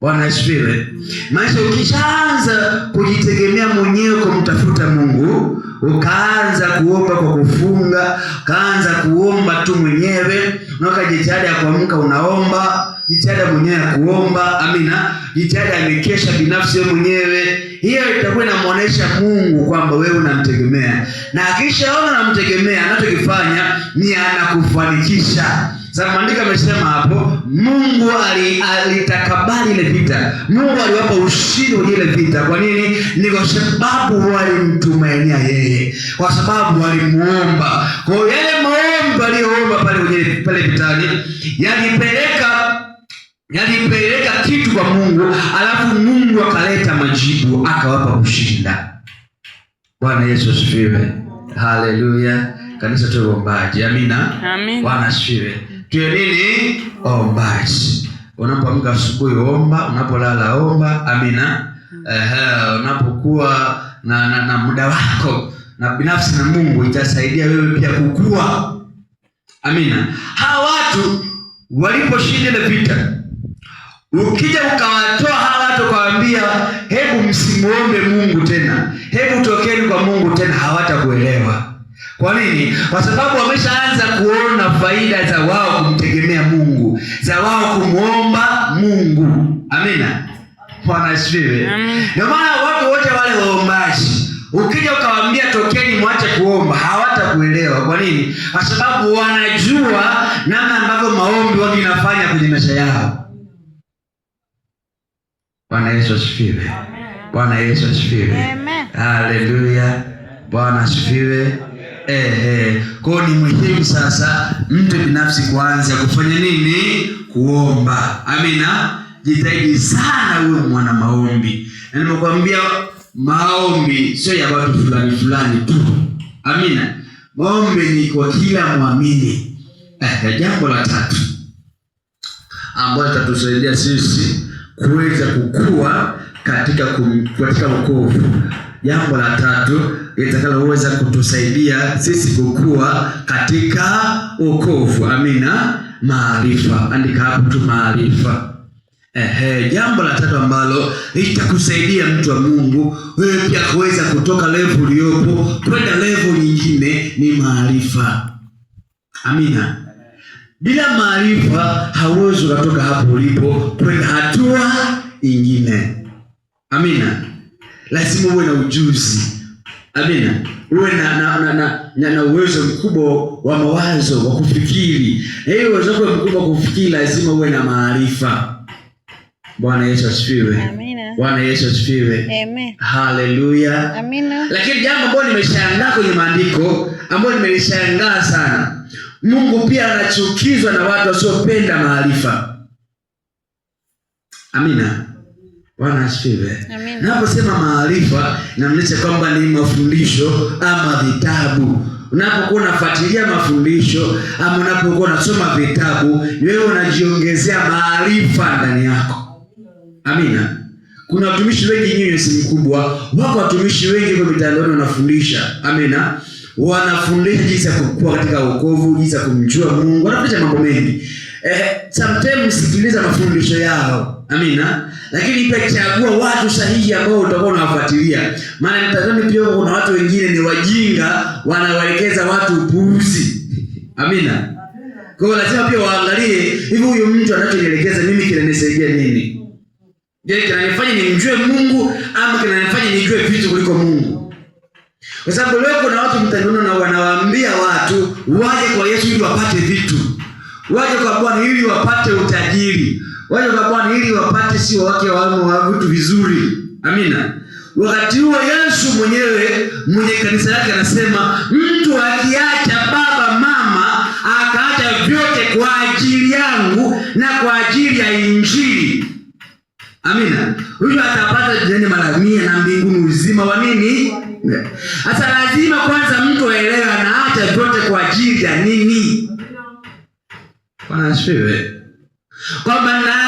Bwana asifiwe. Maisha ukishaanza kujitegemea mwenyewe kumtafuta Mungu, ukaanza kuomba kwa kufunga, ukaanza kuomba tu mwenyewe, unaweka jitihada ya kuamka unaomba, jitihada mwenyewe ya kuomba, amina, jitihada amekesha binafsi wewe mwenyewe, hiyo itakuwa inamuonesha Mungu kwamba wewe unamtegemea, na akishaona unamtegemea, anachokifanya ni anakufanikisha sababu maandiko amesema hapo, Mungu alitakabali ile vita, Mungu aliwapa ushindi kwenye ile vita. Kwa nini? Ni kwa sababu walimtumainia yeye, kwa sababu walimuomba. Kwa hiyo yale maombi aliyoomba pale kwenye pale vitani yalipeleka yalipeleka kitu kwa Mungu, alafu Mungu akaleta majibu, akawapa kushinda. Bwana Yesu asifiwe, haleluya. Kanisa tuombaje? Amina, amina. Bwana asifiwe tuwe nini waombaji. Unapoamka asubuhi omba, unapolala omba. Amina. Ehe, unapokuwa na, na, na muda wako na binafsi na Mungu itasaidia wewe pia kukua. Amina. Hawa watu waliposhinda ile vita, ukija ukawatoa hawa watu ukawaambia, hebu msimuombe Mungu tena Kwa nini? Kwa sababu wameshaanza kuona faida za wao kumtegemea Mungu, za wao kumwomba Mungu. Amina. Bwana asifiwe. Ndio maana watu wote wale waombaji, ukija ukawaambia tokeni, mwache kuomba, hawatakuelewa. Kwa nini? Kwa sababu wanajua namna ambavyo maombi wao inafanya kwenye maisha yao. Bwana Yesu asifiwe. Bwana Yesu asifiwe. Haleluya. Bwana asifiwe eh. kwa ni muhimu sasa mtu binafsi kuanza kufanya nini? Kuomba. Amina. Jitahidi sana uwe mwana maombi, na nimekuambia maombi sio ya watu fulani fulani tu. Amina. Maombi ni kwa kila mwamini. Eh, jambo la tatu ambalo tatusaidia sisi kuweza kukua katika kum, katika wokovu Jambo la tatu litakaloweza kutusaidia sisi kukua katika wokovu, amina, maarifa. Andika hapo tu maarifa. Ehe, jambo la tatu ambalo litakusaidia mtu wa Mungu wewe pia kuweza kutoka level uliopo kwenda level nyingine ni maarifa. Amina. Bila maarifa hauwezi kutoka hapo ulipo kwenda hatua nyingine. Amina lazima uwe na ujuzi. Amina, uwe na na, na, na, na, na uwezo mkubwa wa mawazo wa kufikiri, na hiyo uwezo wako mkubwa wa kufikiri lazima uwe na maarifa. Bwana Yesu asifiwe. Amina. Bwana Yesu asifiwe. Amen. Haleluya. Amina. Lakini jambo ambalo nimeshangaa kwenye maandiko ambalo nimelishangaa sana, Mungu pia anachukizwa na watu wasiopenda maarifa. Amina. Bwana asifiwe. Naposema maarifa, inamaanisha kwamba ni mafundisho ama vitabu Unapokuwa unafuatilia mafundisho ama unapokuwa unasoma vitabu, wewe unajiongezea maarifa ndani yako. Amina. Kuna watumishi wengi, nyinyi si mkubwa, wako watumishi wengi kwa mitandao wanafundisha. Amina, wanafundisha jinsi ya kukua katika wokovu, jinsi ya kumjua Mungu, wanafundisha mambo mengi. Eh, sometimes sikiliza mafundisho yao Amina. Lakini pia chagua watu sahihi ambao utakuwa unawafuatilia. Maana mtazame pia kuna watu wengine ni wajinga wanawaelekeza watu upuuzi. Amina. Kwa hiyo lazima pia waangalie hivi huyo mtu anachonielekeza mimi kinanisaidia nini? Je, kinanifanya nimjue Mungu ama kinanifanya nijue vitu kuliko Mungu? Kwa sababu leo kuna watu mtandaoni na wanawaambia watu waje kwa Yesu ili wapate vitu. Waje kwa Bwana ili wapate utajiri. Waja kwa Bwana ili wapate sio wake wa vitu vizuri. Amina. Wakati huo Yesu mwenyewe mwenye kanisa lake anasema mtu akiacha baba, mama, akaacha vyote kwa ajili yangu na kwa ajili ya Injili, amina, huyo atapata jeni mara mia na mbinguni uzima wa nini? Sasa lazima kwanza mtu aelewe anaacha vyote kwa ajili ya nini? Bwana asifiwe kwamba